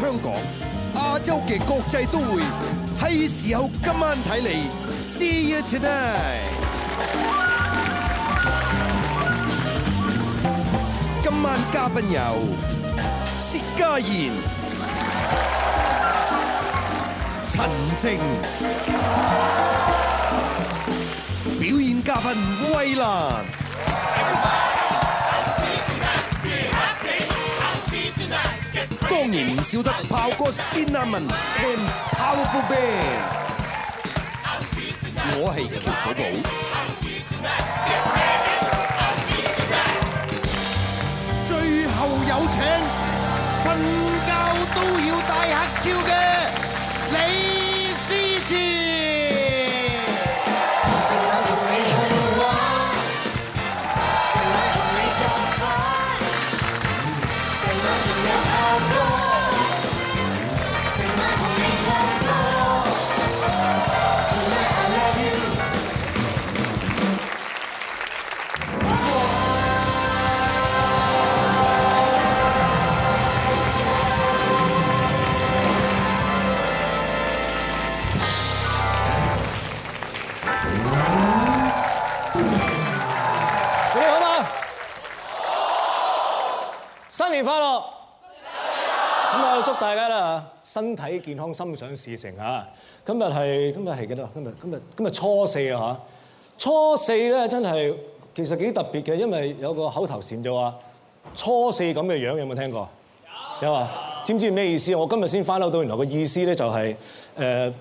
香港、亞洲嘅國際都會，係時候今晚睇嚟。See you today。今晚嘉賓有薛家燕、陳靜，表演嘉賓衛蘭。當然唔少得豹哥 Cinnamon，and Powerful Band，我係喬寶寶，最後有請，瞓覺都要戴黑超嘅。新年快樂！咁啊，祝大家啦身體健康，心想事成嚇。今日係今日係幾多？今日今日今日初四啊嚇！初四咧，真係其實幾特別嘅，因為有個口頭禪就話初四咁嘅樣，有冇聽過？有有啊！知唔知咩意思？我今日先翻到到，原來個意思咧就係誒，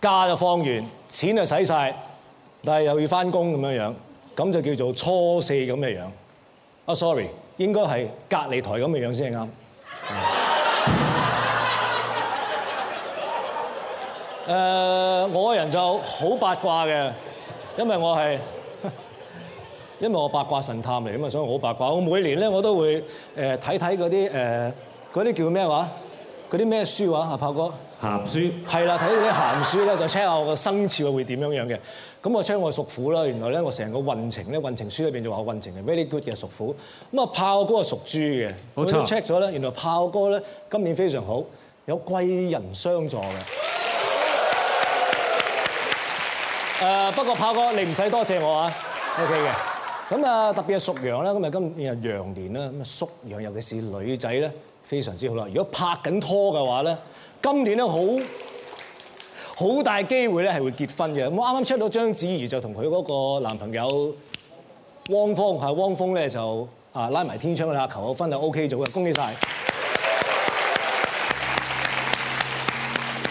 假就放完，錢就使晒，但係又要翻工咁樣樣，咁就叫做初四咁嘅樣。啊，sorry。應該係隔離台咁嘅樣先係啱。誒，我個人就好八卦嘅，因為我係因為我八卦神探嚟，咁啊所以好八卦。我每年咧我都會誒睇睇嗰啲誒嗰啲叫咩話？嗰啲咩書話啊，豹哥？鹹書係啦，睇到啲鹹書咧，就 check 下我個生肖會點樣樣嘅。咁我 check 我屬虎啦，原來咧我成個運程咧，運程書裏面就話我運程係 very good 嘅，屬虎。咁啊，豹哥係屬豬嘅，我就 check 咗啦。原來豹哥咧今年非常好，有貴人相助嘅。誒，不過豹哥你唔使多謝我啊，OK 嘅。特別係屬羊啦，咁啊今日羊年啦，咁啊屬羊，尤其是女仔，非常之好啦。如果拍緊拖嘅話，今年咧好大機會咧係會結婚嘅。我啱啱出到，章子怡就同佢嗰個男朋友汪峰。汪峰就拉埋天窗求個婚就 OK 咗嘅，恭喜曬！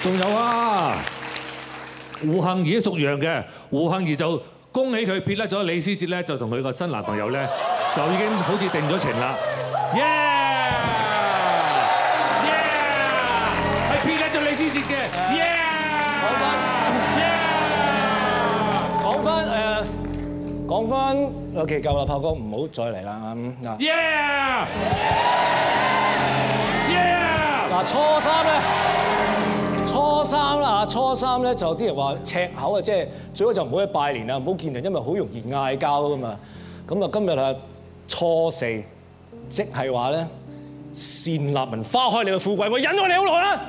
仲有啊，胡杏兒都屬羊嘅，胡杏兒就。恭喜佢撇甩咗李思捷咧，就同佢個新男朋友咧，就已經好似定咗情啦。Yeah，係撇甩咗李思捷嘅。Yeah，講翻誒，講翻，OK 夠啦，豹哥唔好再嚟啦。啊，Yeah，Yeah，嗱，初三咧。初三啦，初三咧就啲人話赤口啊，即係最好就唔好去拜年啦，唔好見人，因為好容易嗌交噶嘛。咁啊，今日啊，初四，即係話咧，單立文花開，你個富貴會忍我你好耐啦！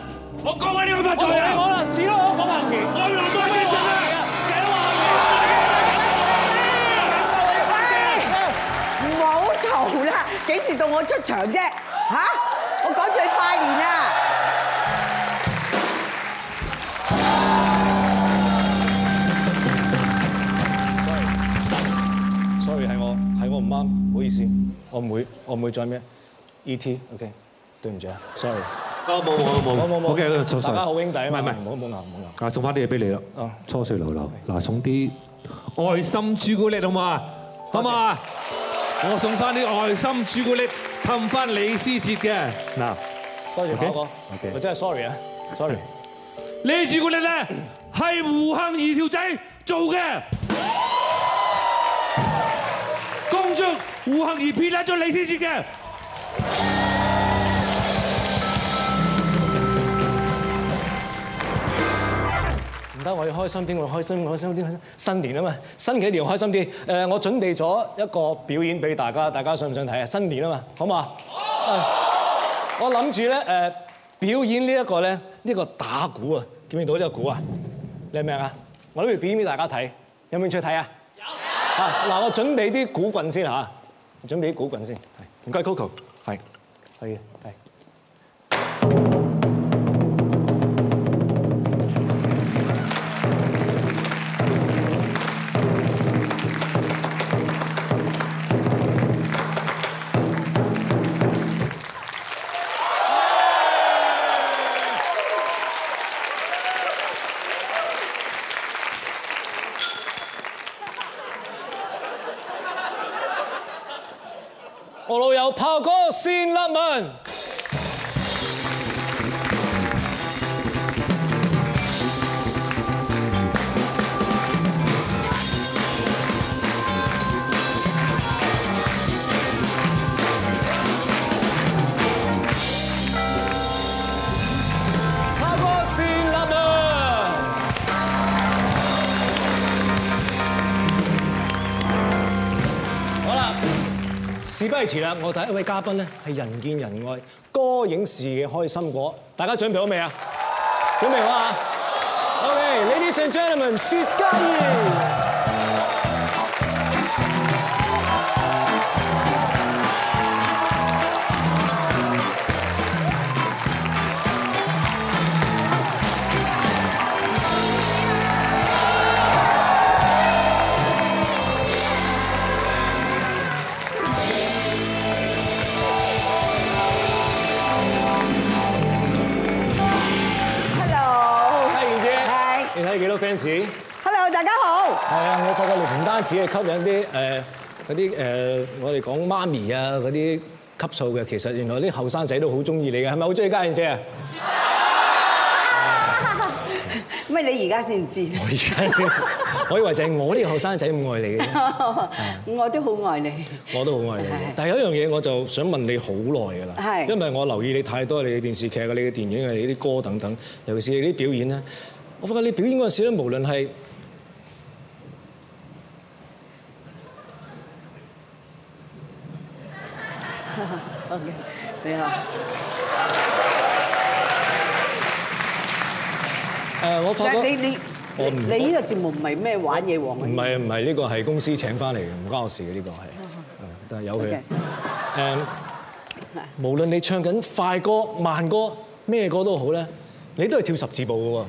我講緊呢個八載啊，死咯！我講下嘢，我用多啲聲啊！寫話嘅，冇嘈啦，幾時到我出場啫？嚇！我趕住去拜年啦！意思，我唔會，我唔會再咩，ET，OK，對唔住啊，sorry，冇冇冇，OK，大家好兄弟，唔係唔係，冇冇鬧冇鬧，啊、okay. 送翻啲嘢俾你咯，初歲流流，嗱送啲愛心朱古力好唔好啊？我送翻啲愛心朱古力氹翻李思捷嘅。嗱，多謝哥哥，我真係 sorry 啊，sorry，你朱古力咧係胡杏兒條仔做嘅。無恆而變啦，做你先知嘅。唔得，我要開心啲，我開心，我開心啲，開心。新年啊嘛，新幾年開心啲。誒，我準備咗一個表演俾大家，大家想唔想睇啊？新年啊嘛，好嘛？好。我諗住咧，誒，表演呢、這、一個咧，呢、這個打鼓啊，見唔見到呢個鼓啊？你明唔明啊？我諗住表演俾大家睇，有冇興趣睇啊？有。啊，嗱，我準備啲鼓棍先吓。準備啲稿份先，係唔該 Coco，係係。啦，我第一位嘉賓咧，係人見人愛、歌影視嘅開心果。大家準備好未啊？準備好啊！OK，Ladies and Gentlemen，薛家燕。Hello，大家好。係、嗯呃呃、啊，我做嘅唔單止係吸引啲嗰啲我哋講媽咪啊嗰啲級數嘅，其實原來啲後生仔都好中意你嘅，係咪好中意家燕姐 啊？咩、啊？啊啊、你而家先知？我而家，我以為就係我啲後生仔咁愛你嘅啫。 我都好愛,愛你。我都好愛你。但係有一樣嘢，我就想問你好耐㗎啦。因為我留意你太多，你嘅電視劇、你嘅電影、你啲歌等等，尤其是你啲表演咧。我覺得你表演嗰陣時咧，無論係，好嘅，你好。誒，我發覺你、okay. 你、uh, 你呢個節目唔係咩玩嘢王。唔係唔係呢個係公司請翻嚟嘅，唔關我事嘅呢、呢個係。但係有佢。誒，無論你唱緊快歌、慢歌、咩歌都好咧，你都係跳十字步嘅喎。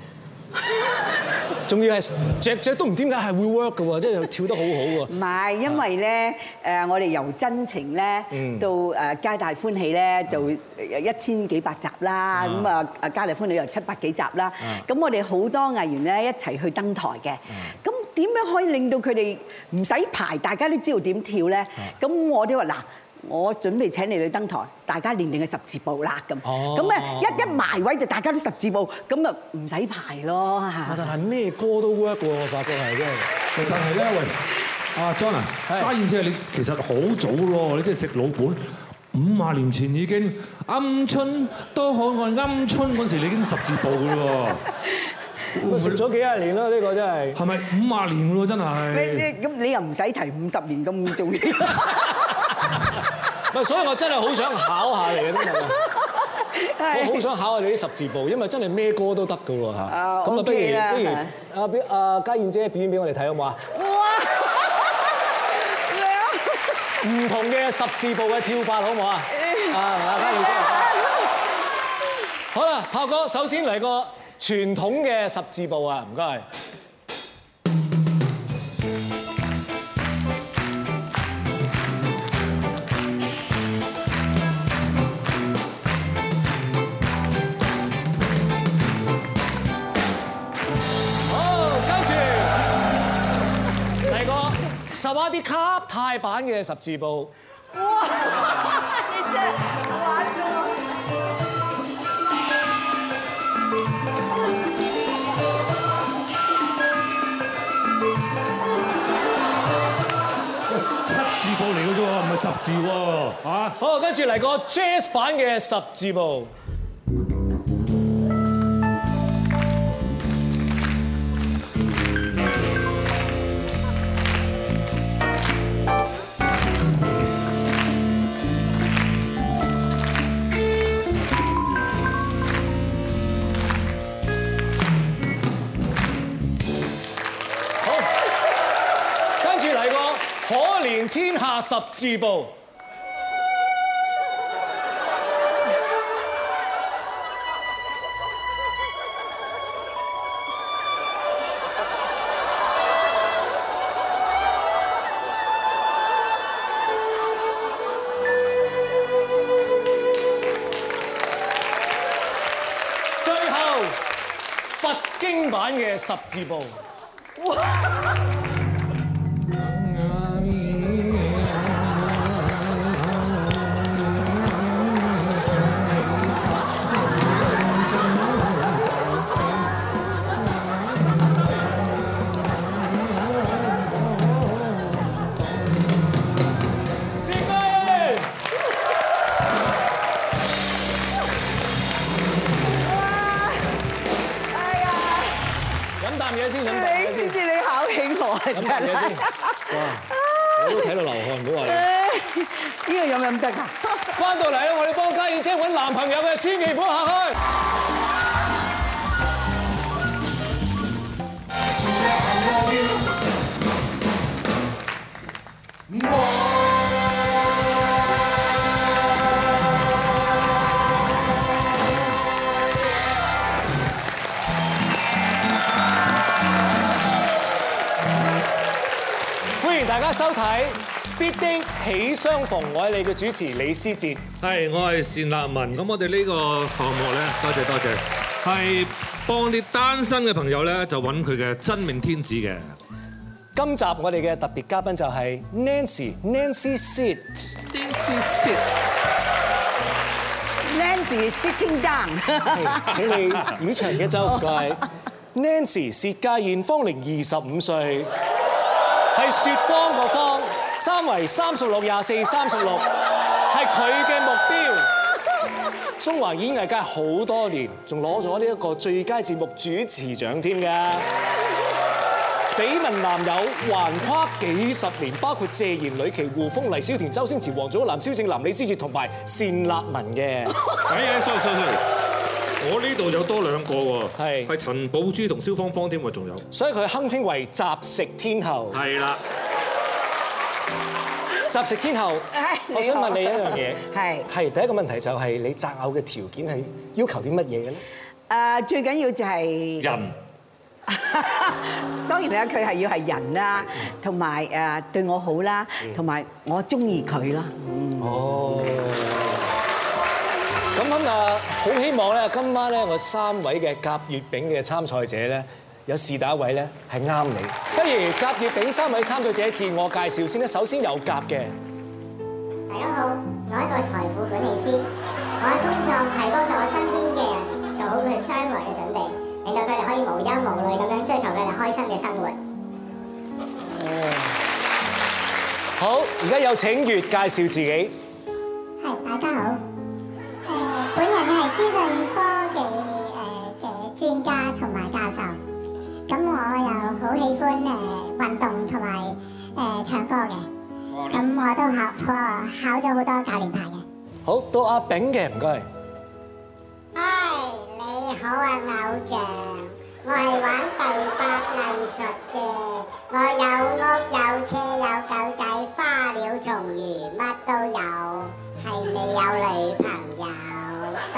仲要係只只都唔知點解係會 work 㗎喎，即係跳得好好喎。唔係，因為咧誒，我哋由真情咧到誒皆大歡喜咧，就一千幾百集啦，咁啊啊皆大歡喜又七百幾集啦。咁我哋好多藝員咧一齊去登台嘅。咁點樣可以令到佢哋唔使排，大家都知道點跳咧？咁我哋話嗱。我準備請你去登台，大家練練嘅十字步啦咁。咁、哦、咧一一埋位就大家都十字步，咁啊唔使排咯，但係咩歌都 work 喎，我發覺係真係。但係咧，喂，阿 John 啊，家燕姐你其實好早咯，你即係食老本，五啊年前已經《暗春》都好啊，《暗春》嗰時候你已經十字步嘅喎。咁食咗幾廿年咯？呢、呢個真係。係咪五啊年嘅，真係。咁你，你又唔使提五十年咁做嘢。 所以，我真係好想考下你啊！我好想考下你啲十字步，因為真係咩歌都得㗎喎吓。咁啊，不如不如阿表阿家燕姐表演俾我哋睇好唔好啊？哇！唔同嘅十字步嘅跳法好唔好啊！啊，家燕姐，好啦，豹哥首先嚟個傳統嘅十字步啊！唔該。一啲卡泰版嘅十字步，哇！你真係攔住我。七字步嚟嘅啫，唔係十字喎！好，跟住嚟個 jazz 版嘅十字步。十字步，最後佛經版嘅十字步。嘢先，哇！我都睇到流汗，唔好話呢個有冇咁得啊？翻到嚟咧，我哋幫家燕姐揾男朋友嘅，千祈唔好走開。 大家收睇《Speed Date 喜相逢》，我係你嘅主持李思捷，係我係單立文。咁我哋呢個項目咧，多謝多謝，係幫啲單身嘅朋友咧，就揾佢嘅真命天子嘅。今集我哋嘅特別嘉賓就係 Nancy，Nancy Nancy, Sit，Nancy Sit，Nancy Sitting Down。 Hey, 請你主持一周唔該，Nancy 薛家燕芳齡二十五歲。.係雪芳個方，三圍三十六、廿四、三十六，係佢嘅目標。中華演藝界好多年，仲攞咗呢一個最佳節目主持獎添㗎。緋聞男友橫跨幾十年，包括謝賢、呂奇、胡楓、黎小田、周星馳、王祖藍、蕭正楠、李思捷同埋單立文嘅。我呢度有多兩個喎，係，係陳寶珠同蕭芳芳添喎，仲有。所以佢堪稱為雜食天后。係啦，雜食天后，我想問你一樣嘢，係，係第一個問題就係你擇偶嘅條件係要求啲乜嘢嘅咧？誒，最緊要就係人，當然啦，佢係要係人啦，同埋誒對我好啦，同埋我中意佢啦。哦。咁啊，好希望咧，今晚咧，我三位嘅甲乙丙嘅參賽者咧，有是打一位咧，係啱你。不如甲乙丙三位參賽者自我介紹先啦。首先有甲嘅，大家好，我係一個財富管理師，我嘅工作係幫助我身邊嘅人做好佢哋將來嘅準備，令到佢哋可以無憂無慮咁樣追求佢哋開心嘅生活。好，而家有請月介紹自己，係大家好。資訊科技誒嘅專家同埋教授，咁我又好喜歡誒運動同埋誒唱歌嘅，咁我都考錯考咗好多教練牌嘅。好，到阿炳嘅，唔該。係你好啊，偶像，我係玩第八藝術嘅，我有屋有車有狗仔花鳥蟲魚乜都有，係未有女朋友。咦？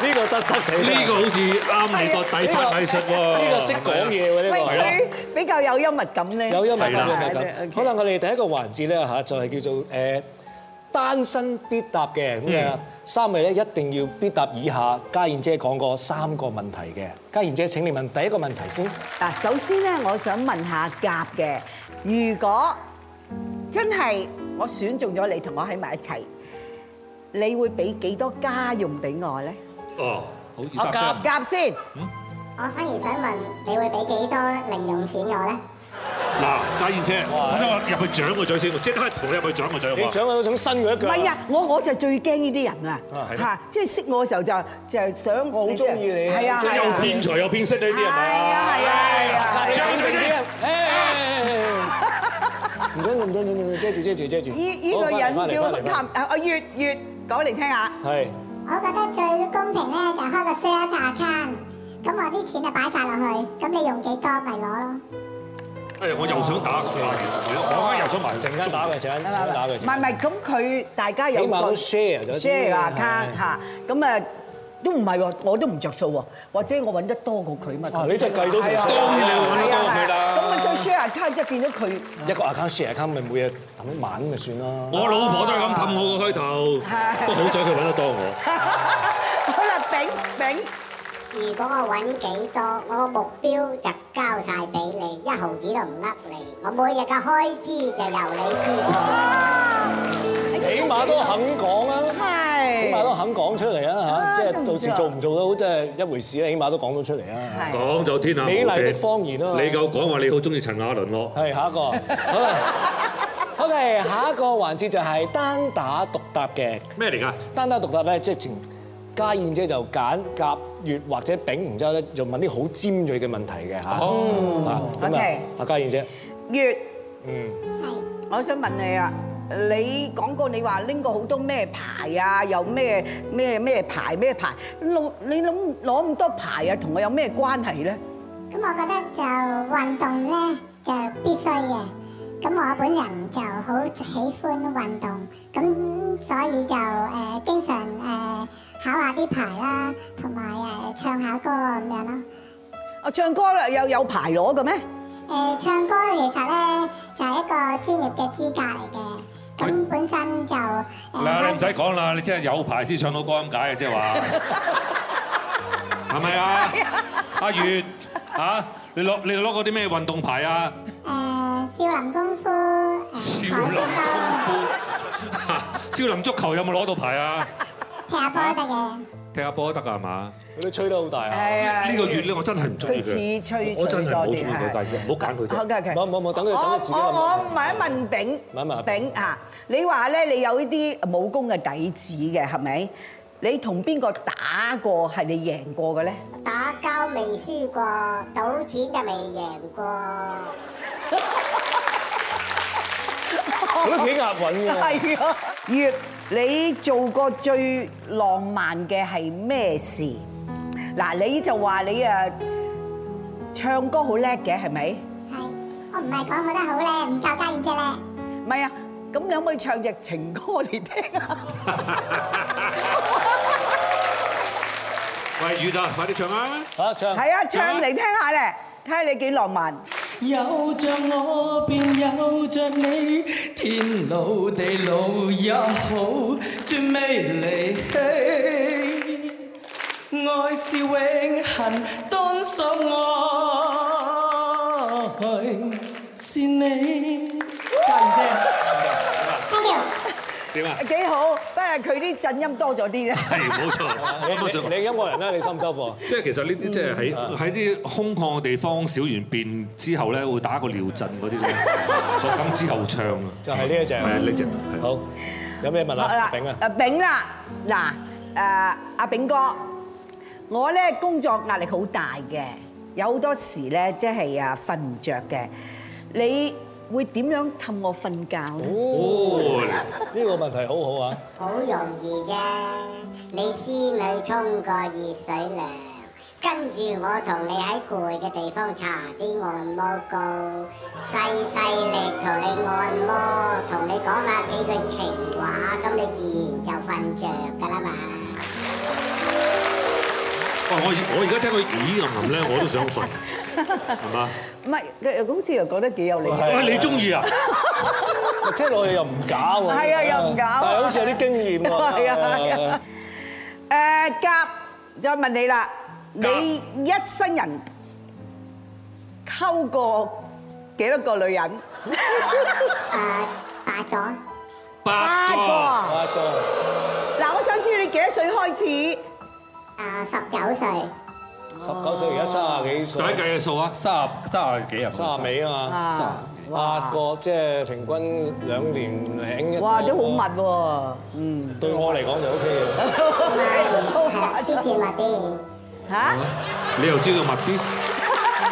呢個得得嘅，呢個好似啱你個底牌藝術喎。呢個識講嘢喎，呢個係啦。比較有幽默感咧，有幽默感。可能我哋第一個環節咧嚇，就係叫做誒單身必答嘅咁嘅三位咧，一定要必答以下。家燕姐講過三個問題嘅，家燕姐請你問第一個問題先。嗱，首先咧，我想問下甲嘅，如果真係我選中咗你，同我喺埋一齊。你會俾幾多家用俾我咧？哦，我夾唔夾先？我反而想問你會俾幾多零用錢我咧？嗱， 家燕姐，使唔使我入去掌個嘴先？即刻同你入去掌個嘴。你掌你我都想伸佢一腳。唔係啊，我我就最驚呢啲人啊！嚇，即、啊、係、就係、識我嘅時候就就想好中意你。係啊係啊，又騙財又騙色呢啲啊，係啊係啊！遮住遮住，唔準唔準唔準遮住遮住遮住。依依個人叫譚啊，阿月月。對對對。講嚟聽下，係。我覺得最公平咧就係開個 share account，咁我啲錢就擺晒落去，咁你用幾多咪攞咯。誒，我又想打，我啱又想埋，陣間打嘅，陣間打嘅。唔係唔係，咁佢大家有個 share share account 吓，咁誒。都唔係喎，我都唔著數喎，或者我揾得多過佢嘛？啊，你真係計到，當然你揾得多過佢啦。咁啊，再 share account 即係變咗佢一個 account share account 咪每日氹一晚咪算啦。我老婆都係咁氹我個開頭，不過好彩佢揾得多我。好啦，丙丙，如果我揾幾多，我目標就交晒俾你，一毫子都唔呃你，我每日嘅開支就由你支。起碼都肯講啊，起碼都肯講出嚟啊嚇，即係到時做唔做到真係一回事啦。起碼都講到出嚟啊，講就天下無敵。美麗的方言咯，你夠講話你好中意陳雅倫喎、呃。係下一個，好啦，OK， 下一個環節就係單打獨答嘅。咩嚟㗎？單打獨答咧，即係從家燕姐就揀甲、乙或者丙，然之後咧就問啲好尖鋭嘅問題嘅嚇、哦。OK，阿家燕姐，乙。嗯，係。我想問你啊。你講過你話拎過好多咩牌啊？又咩咩咩牌咩牌？牌你諗攞咁多牌啊？同我有咩關係咧？咁我覺得就運動咧就必須嘅。咁我本人就好喜歡運動，咁所以就誒經常誒考下啲牌啦，同埋誒唱下歌咁樣咯。啊，唱歌啦有有牌攞嘅咩？誒唱歌其實咧就係一個專業嘅資格嚟嘅。本本身就是，嗱你唔使講啦，你真係有牌先唱到歌咁解嘅。即係話，係咪啊？阿月，嚇你攞你攞過啲咩運動牌啊？誒、uh, 少林功夫，少林功夫，少林足球有冇攞到牌啊？踢下波得嘅。踢下波都得㗎係嘛？佢都吹得好大啊！係啊！呢個月咧，我真係唔中意佢。吹吹吹吹，我真係唔好中意佢大隻，唔好揀佢。冇冇冇，等佢等佢自己諗。我我我問一問炳，炳啊，你話咧你有呢啲武功嘅底子嘅係咪？你同邊個打過係你贏過嘅咧？打交未輸過，賭錢就未贏過。佢都幾押韻㗎。哎呀，越。你做過最浪漫嘅係咩事？嗱，你就話你呀唱歌好叻嘅係咪？係，我唔係講我得好叻，唔夠家燕姐啫咧。唔係啊，咁你可唔可以唱隻情歌嚟聽啊？ 喂，雨達，快啲唱啦！好，唱。係啊，唱嚟聽下咧，睇下你幾浪漫。有着我，便有着你。天老地老也好，絕未離棄。愛是永恒，當所愛是你。點啊？幾好，不過佢啲震音多咗啲啫。係冇錯，冇錯。你音樂人咧，你收唔收貨？即係其實呢啲即係喺喺啲空曠嘅地方，小完便之後咧，會打個尿震嗰啲咧，咁之後唱啊。就係呢一隻。誒呢隻。好，有咩問啊？炳啊。誒炳啦，嗱誒阿炳哥，我咧工作壓力好大嘅，有好多時咧即係啊瞓唔著嘅，你。會點樣氹我瞓覺？哦，呢個問題好好啊！好容易啫，你先去沖個熱水涼，跟住我同你喺攰嘅地方搽啲按摩膏，細細力同你按摩，同你講下幾句情話，咁你自然就瞓着㗎啦嘛。哇！我我而家聽佢咦咁樣咧，我都想瞓，係嘛？唔係，好似又講得幾有理。唉，你中意啊？聽落去又唔假喎。係啊，又唔假。但係好似有啲經驗喎。係啊！誒，甲，再問你啦，你一生人溝過幾多個女人？八個。八個。八個。嗱，我想知你幾多歲開始？誒十九歲，十九歲而家卅幾歲？大家計下數啊！卅卅幾廿，卅尾啊嘛！八個即係平均兩年領一。哇！都好密喎。嗯，對我嚟講就 OK 嘅。係啦，黐線密啲。嚇？你又知道密啲？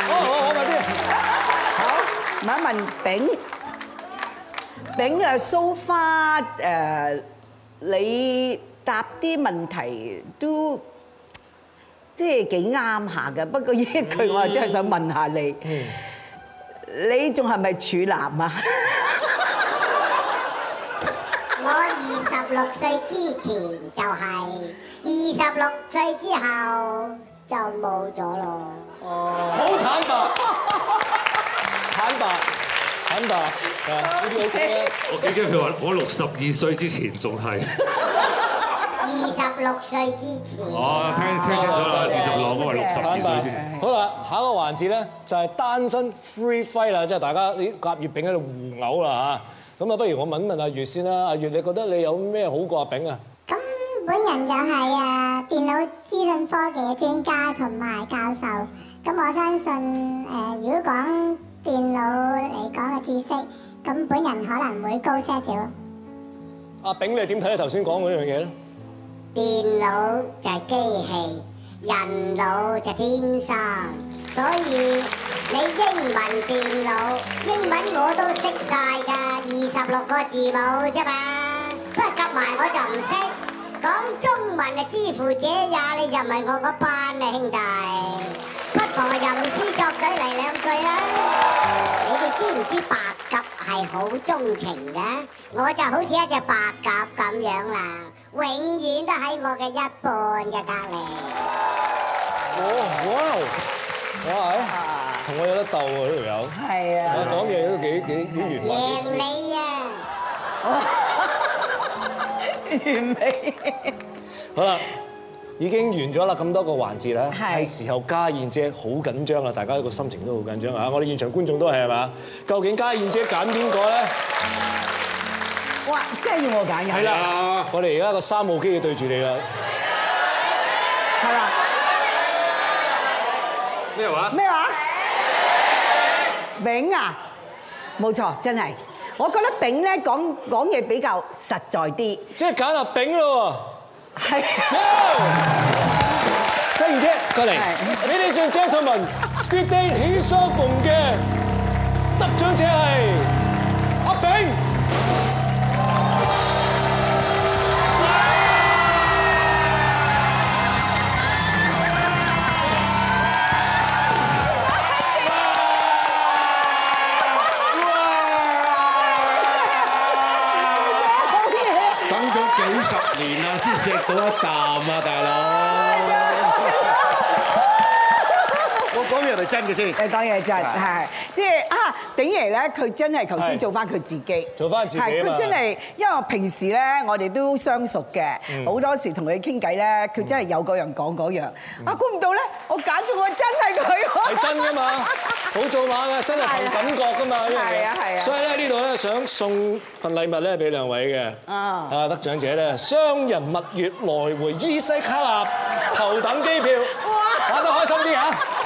好好好，密啲。好，問一問炳。炳嘅蘇花誒，你答啲問題都？即係幾啱下嘅，不過呢一句話我真係想問下你，你仲係咪處男啊？我二十六歲之前就係，二十六歲之後就冇咗咯。哦，好坦白，坦白，坦白。OK，OK，我幾驚佢話我六十二歲之前仲係。二十六歲之前哦，聽聽清楚啦，二十六咁咪六十幾歲之前。好啦，下一個環節咧就係單身 free fight 啦，即係大家啲夾月餅喺度互毆啦嚇。咁啊，不如我問問阿月先啦，阿月，你覺得你有咩好過阿炳啊？咁本人就係啊電腦資訊科技嘅專家同埋教授。咁我相信誒，如果講電腦嚟講嘅知識，咁本人可能會高些少。阿炳，你點睇你頭先講嗰樣嘢咧？電腦就係機器，人腦就係天生，所以你英文電腦英文我都識晒噶，二十六個字母啫嘛，不過夾埋我就唔識，講中文嘅知乎者也你就唔係我個班啦兄弟，不妨吟詩作對嚟兩句啦，你哋知唔知白鴿係好鍾情噶？我就好似一隻白鴿咁樣啦。永遠都喺我嘅一半嘅隔籬。哇，哇，同我有得鬥啊。呢條友。係啊。我講嘢都幾幾幾圓滿。謝你啊。啊 完美。好啦，已經完咗啦，咁多個環節啦，係、啊、時候家燕姐好緊張啦，大家個心情都好緊張啊，我哋現場觀眾都係，係嘛？究竟家燕姐揀邊個咧？嗯哇！真係要我揀嘅，係啦，我哋而家個三號機要對住你啦，係嘛？咩話？咩話？丙啊，冇錯，真係，我覺得丙咧講講嘢比較實在啲，即係揀阿丙咯，係。得燕姐過嚟，你哋上 gentleman，Speed Date，喜相逢嘅，得獎者係。十年啊，先食到一啖啊，大佬！講嘢係真嘅先，誒講嘢真係，即係啊！頂嘅咧，佢真係頭先做翻佢自己，做翻自己。佢真係，因為我平時咧，我哋都相熟嘅，好多時同佢傾偈咧，佢真係有嗰樣講嗰樣。啊，估唔到咧，我揀中揀咗我真係佢，係真㗎嘛，好造馬嘅，真係憑感覺㗎嘛。係啊，係啊，所以咧，呢度咧想送份禮物咧俾兩位嘅，啊，得獎者咧雙人蜜月來回伊西卡納頭等機票，玩得開心啲嚇。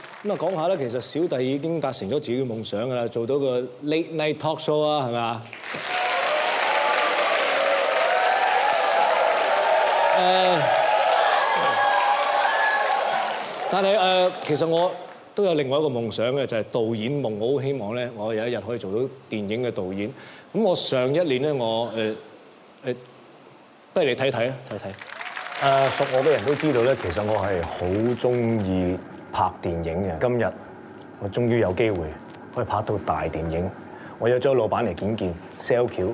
咁啊，講下咧，其實小弟已經達成咗自己嘅夢想㗎喇，做到個 Late Night Talk Show 啊，係咪啊？誒，但係誒，其實我都有另外一個夢想嘅，就係導演夢。我好希望咧，我有一日可以做到電影嘅導演。咁我上一年咧，我，誒誒，不如你睇睇啊，睇睇。誒，熟我嘅人都知道咧，其實我係好中意拍電影嘅，今日我終於有機會可以拍到大電影。我約咗老闆嚟見見，sell 橋。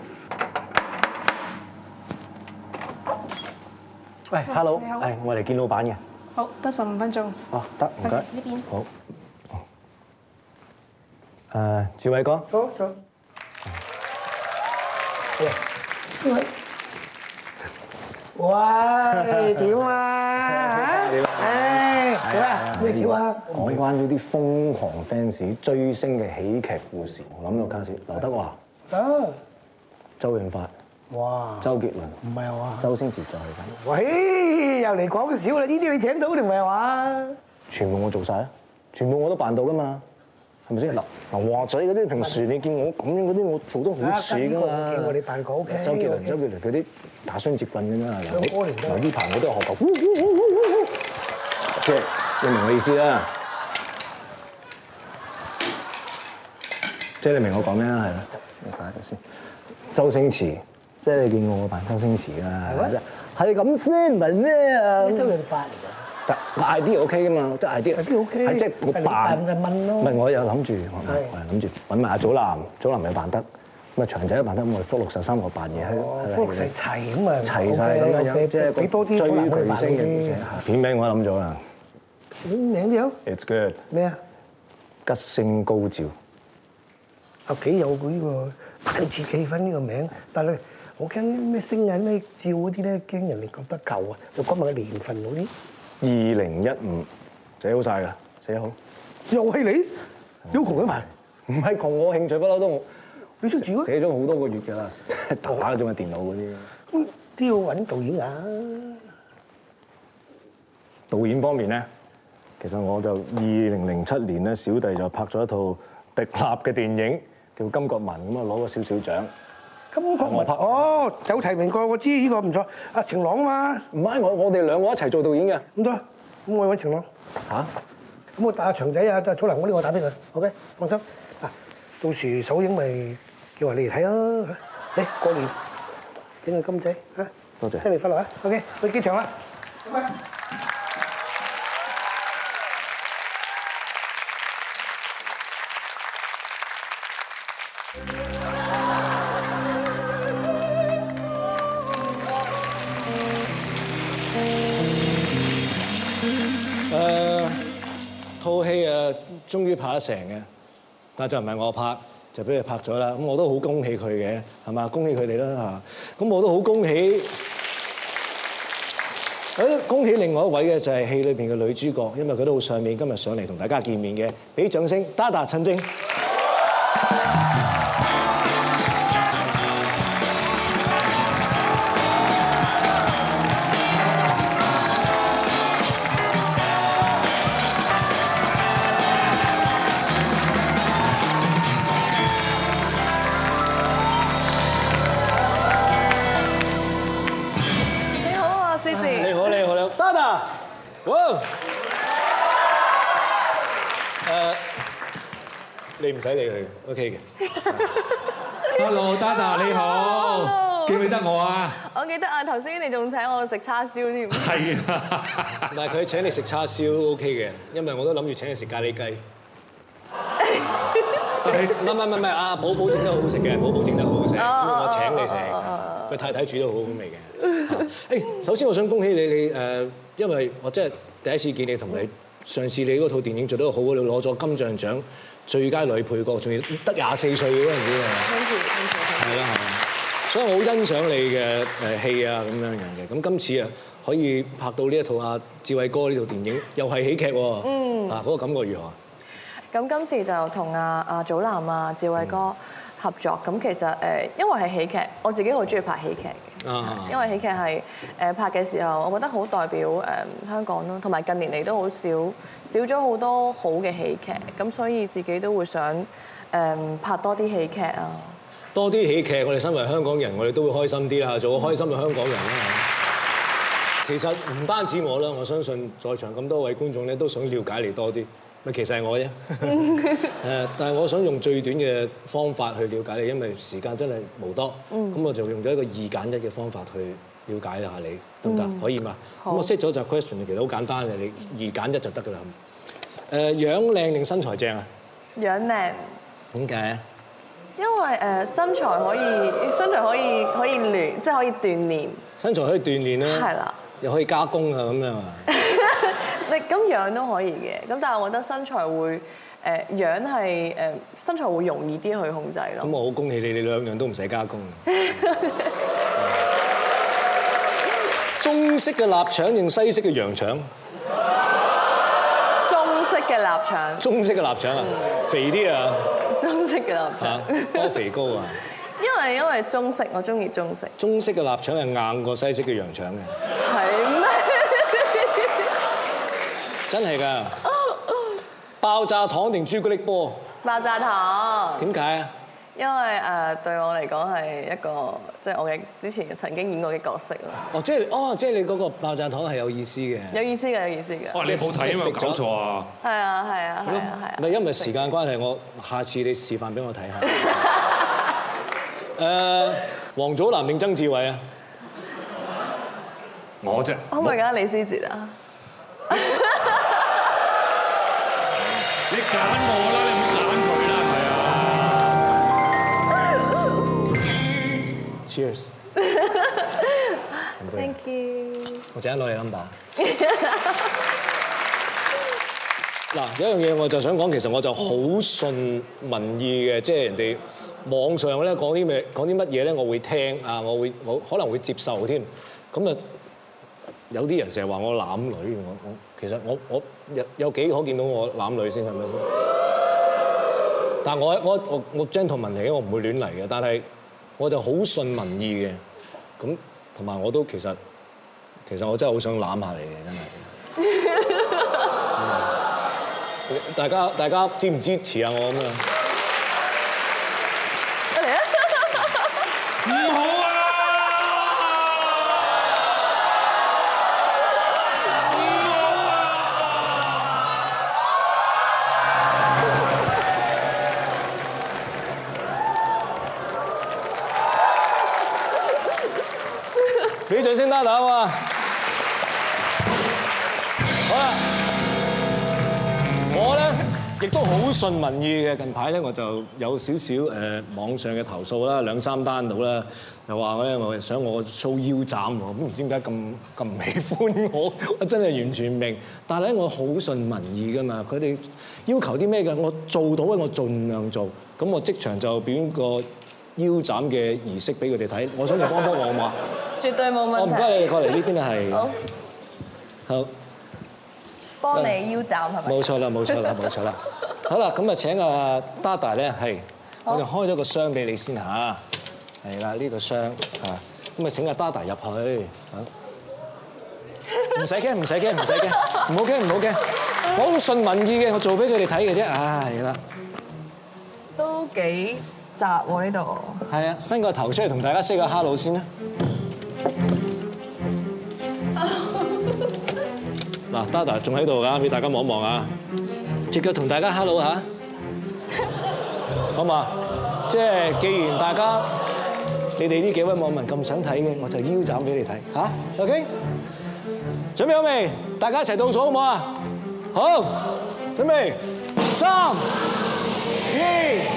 喂，hello，誒，我嚟見老闆嘅。好，得十五分鐘。哦，得，唔該。呢邊。好。誒，志偉哥。好，好。喂。喂。哇，點啊？點啊？哎，嚟。你啊！講關於啲瘋狂 fans 追星嘅喜劇故事，我諗到卡士、劉德華、啊、周潤發、哇、周杰倫，唔係啊嘛？周星馳就係啦。喂，又嚟講少啦！呢啲你請到定唔係話？全部我做晒啊！全部我都辦到噶嘛，係咪先？嗱嗱華仔嗰啲，平時你見我咁樣嗰啲，我做得好似噶嘛。我見過你辦過周杰倫、周杰倫嗰啲打雙節棍嘅嘛。嗱呢排我都有學過，即係。你明我意思啦？即係、 就是、你明我講咩啦？係啦，你先。周星馳，即、就、係、是、你見過我扮周星馳啊，係咪先？係咁先，唔係咩啊？呢周有八年啊。大啲 OK 噶嘛，即係大啲。係邊 OK？即係我扮。問我又諗住，我係諗住揾埋阿祖藍，祖藍又扮得，咁啊長仔都扮得，我哋福六十三又扮嘢，係咪、哦？福六齊咁啊，齊晒咁樣樣，即、okay, 係追巨星。片名我諗咗啦。名都有，It's good，咩啊？吉星高照，屋企有佢呢個大節氣氛呢個名，但係我驚啲咩星啊、咩照嗰啲咧，驚人哋覺得舊啊，又今日嘅年份嗰啲。二零一五寫好曬㗎，寫好。又係你，Yoko 嘅唔係，唔係同我興趣不嬲都。寫咗好多個月㗎啦，打嗰種嘅電腦嗰啲。都要揾導演啊，導演方面咧？其實我就二零零七年咧，小弟就拍咗一套迪立嘅電影叫金點點《金國文》我，咁啊攞咗少少獎。金國文拍哦，有提名過，我知呢、呢個唔錯。阿情朗啊嘛，唔係我我哋兩個一齊做導演嘅。咁多，咁我揾情朗。嚇，咁我打阿長仔啊，就出嚟我呢，我個打俾佢。OK，放心。啊，到時首映咪叫埋你嚟睇啊。誒過年整下金仔。多謝，祝你快樂啊。OK，去機場啦。拜拜。終於拍得成嘅，但就唔係我拍，就俾佢拍咗啦。咁我都好恭喜佢嘅，係嘛？恭喜佢哋啦嚇。咁我都好恭喜，好恭喜另外一位嘅就係戲裏邊嘅女主角，因為佢都好上面，今日上嚟同大家見面嘅，俾掌聲，Da Da 陳靜。Dada, 睇你去 OK 嘅。Hello，Dada Hello，你好，記唔記得我啊？我記得啊，頭先你仲請我食叉燒添。係啊，但係佢請你食叉燒 OK 嘅，因為我都諗住請你食咖喱雞。唔唔唔唔，阿寶寶整得好食嘅，寶寶整得好食，啊，我請你食。佢、啊、太太煮得好味嘅。誒、啊，首先我想恭喜你，你誒，因為我真係第一次見你同你，上次你嗰套電影做得好，你攞咗金像獎。最佳女配角，仲要得廿四歲嗰陣時，多謝，多謝。係啦，係啦。所以我好欣賞你嘅誒戲啊，咁樣樣嘅。咁今次啊，可以拍到呢一套啊，志偉哥呢套電影，又係喜劇喎。嗯。啊，嗰個感覺如何？咁今次就同阿阿祖藍啊、志偉哥合作。咁其實誒，因為係喜劇，我自己好中意拍喜劇。因為喜劇係誒拍嘅時候，我覺得好代表誒香港咯，同埋近年嚟都好少少咗好多好嘅喜劇，咁所以自己都會想誒拍多啲喜劇啊，多啲喜劇，我哋身為香港人，我哋都會開心啲啦，做個開心嘅香港人啦。其實唔單止我啦，我相信在場咁多位觀眾咧，都想了解你多啲。其實係我啫，誒，但係我想用最短嘅方法去了解你，因為時間真係無多，咁、嗯、我就用咗一個二揀一嘅方法去了解下你，得唔得？嗯、可以嘛？咁我 set 咗就 question，其實好簡單嘅，你二揀一就得㗎啦。誒、嗯呃，樣靚定身材正啊？樣靚點解？因為誒身材可以，身材可以可以練，即係可以鍛鍊。身材可以鍛鍊啦，係啦，又可以加工啊咁樣。 你咁樣都可以嘅，咁但係我覺得身材會，誒樣係誒身材會容易啲去控制咯。咁我好恭喜你，你兩樣都唔使加工。中式嘅臘腸定西式嘅羊腸？中式嘅臘腸。中式嘅臘腸啊，肥啲啊？中式嘅臘腸。嚇，我肥高啊？因為因為中式，我中意中式。中式嘅臘腸係硬過西式嘅羊腸嘅。係。真係噶！爆炸糖定朱古力波？爆炸糖。點解啊？因為誒對我嚟講係一個即係、就是、我嘅之前曾經演過嘅角色咯、哦。哦，即係哦，即係你嗰個爆炸糖係有意思嘅。有意思嘅，有意思嘅。哦，你冇睇因為搞錯係啊。係啊，係啊，係啊，係啊。唔、啊、因為時間關係，我下次你示範俾我睇下、 呃。誒，王祖藍定曾志偉啊？我啫。可唔可以揀李思捷啊？你揀我啦，你唔好揀佢啦，係啊！Cheers。Thank you。我陣間攞你 number 嘛。嗱，有一樣嘢我就想講，其實我就好順民意嘅，即係人哋網上咧講啲咩，講啲乜嘢咧，我會聽啊，我會我可能會接受添，咁啊。有啲人成日話我攬女，我我其實我我有有幾可見到我攬女先係咪先？但係我我我 gentleman 嚟嘅，我唔會亂嚟嘅。但係我就好信民意嘅，咁同埋我都其實其實我真係好想攬下你嘅，真係。大家大家支唔支持下我咁啊？阿達嘛，好啦，我咧亦都好順民意嘅。近排咧我就有少少誒網上嘅投訴啦，兩三單到啦，又話咧我想我掃腰斬喎。咁唔知點解咁咁唔喜歡我，我真係完全唔明。但係咧我好順民意嘅嘛，佢哋要求啲咩嘅，我做到咧我盡量做。咁我即場就表演個腰斬嘅儀式俾佢哋睇，我想嚟幫幫我嘛，絕對冇問題。我唔該你嚟過嚟呢邊係，好，好，幫你腰斬係咪？冇錯啦，冇錯啦，冇錯啦。好啦，咁啊請阿 Dada 咧係，我就開咗個箱俾你先吓，係啦，呢個箱吓，咁啊請阿 Dada 入去吓，唔使驚，唔使驚，唔使驚，唔好驚，唔好驚，我好信民意嘅，我做俾佢哋睇嘅啫，唉，係啦，都幾雜喎呢度。係啊，伸個頭出嚟同大家 say 個 hello 先啦。嗱，Dada 仲喺度㗎，俾大家望一望啊。隻腳同大家 hello 吓，好嘛？即係既然大家你哋呢幾位網民咁想睇嘅，我就腰斬俾你睇吓。OK，準備好未？大家一齊倒數好唔好啊？好，準備，三、二。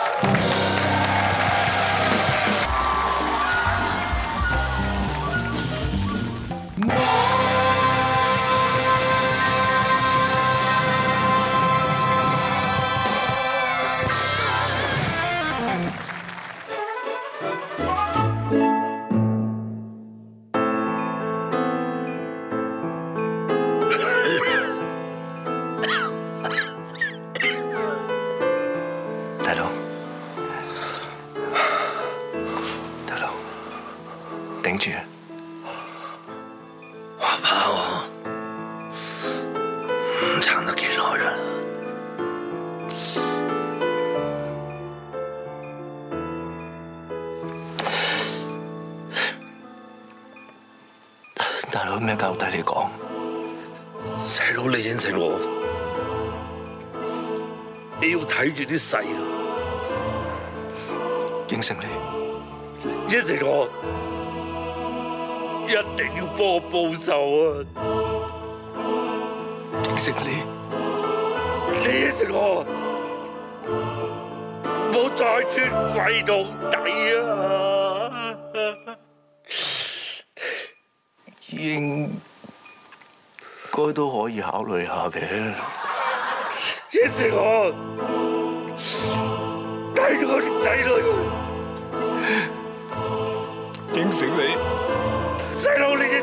爸爸我怕我唔撐得幾耐喇。大佬咩交代你講？細佬，你應承我，你要睇住啲細佬。應承你，你，應承我。一定要幫我報仇啊！應承你，應承我，唔好再鑽鬼洞底啊！應該都可以考慮下嘅。應承我，帶住我啲仔女，應承你。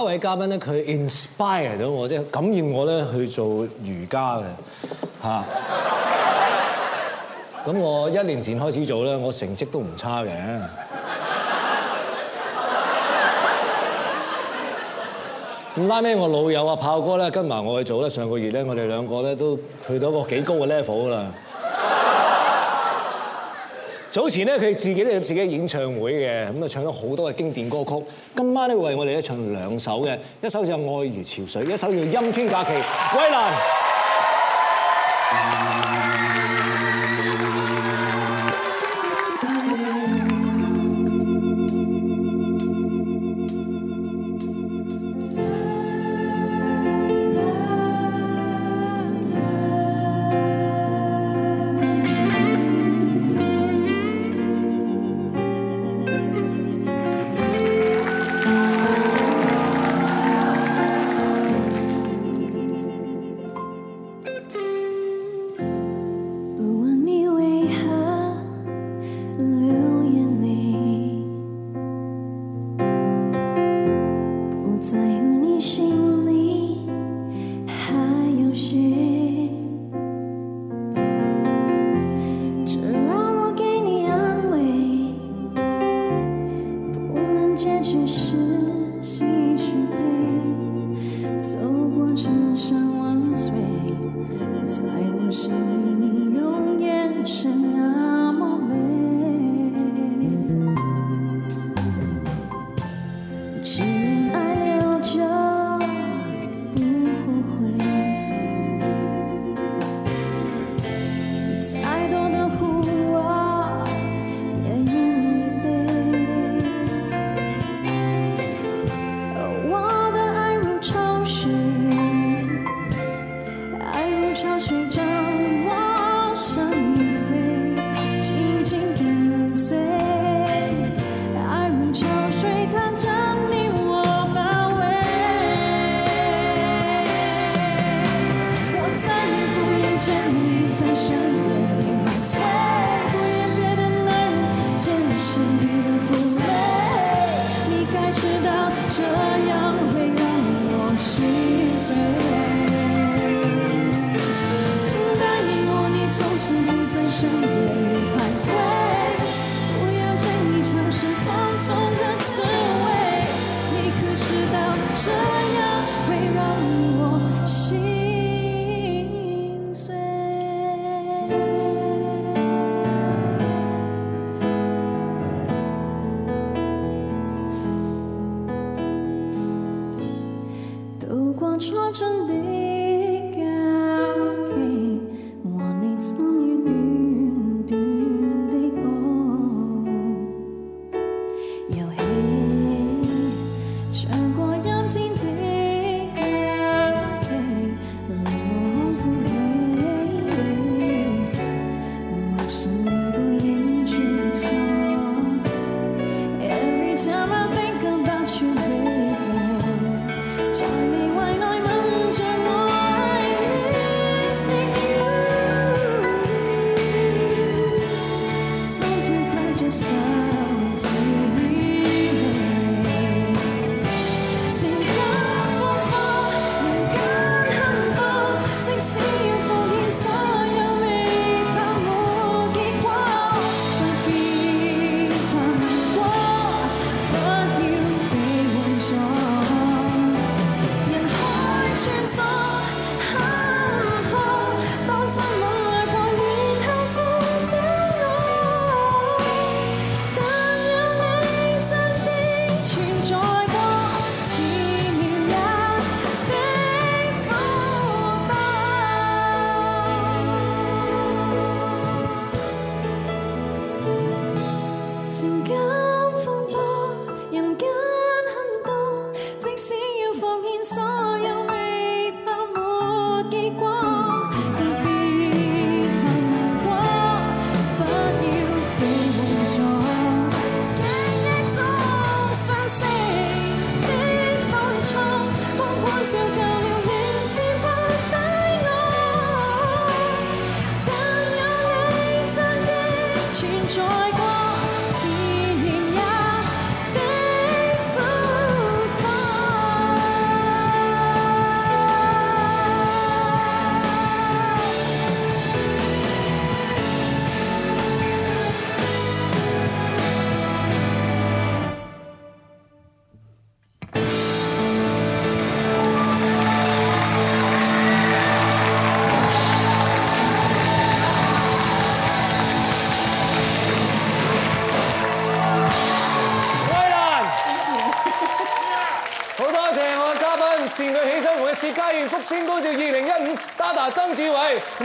一位嘉賓咧，佢 inspire 咗我，即係感染我咧去做瑜伽嘅吓。咁我一年前開始做咧，我成績都唔差嘅。唔拉咩？我老友啊，豹哥咧，跟埋我去做咧。上個月咧，我哋兩個咧都去到一個幾高嘅 level 噶啦。早前呢，佢自己都有自己嘅演唱會嘅，咁就唱咗好多嘅經典歌曲。今晚呢，為我哋呢唱兩首嘅，一首就係《愛如潮水》，一首叫《陰天假期》。衛蘭。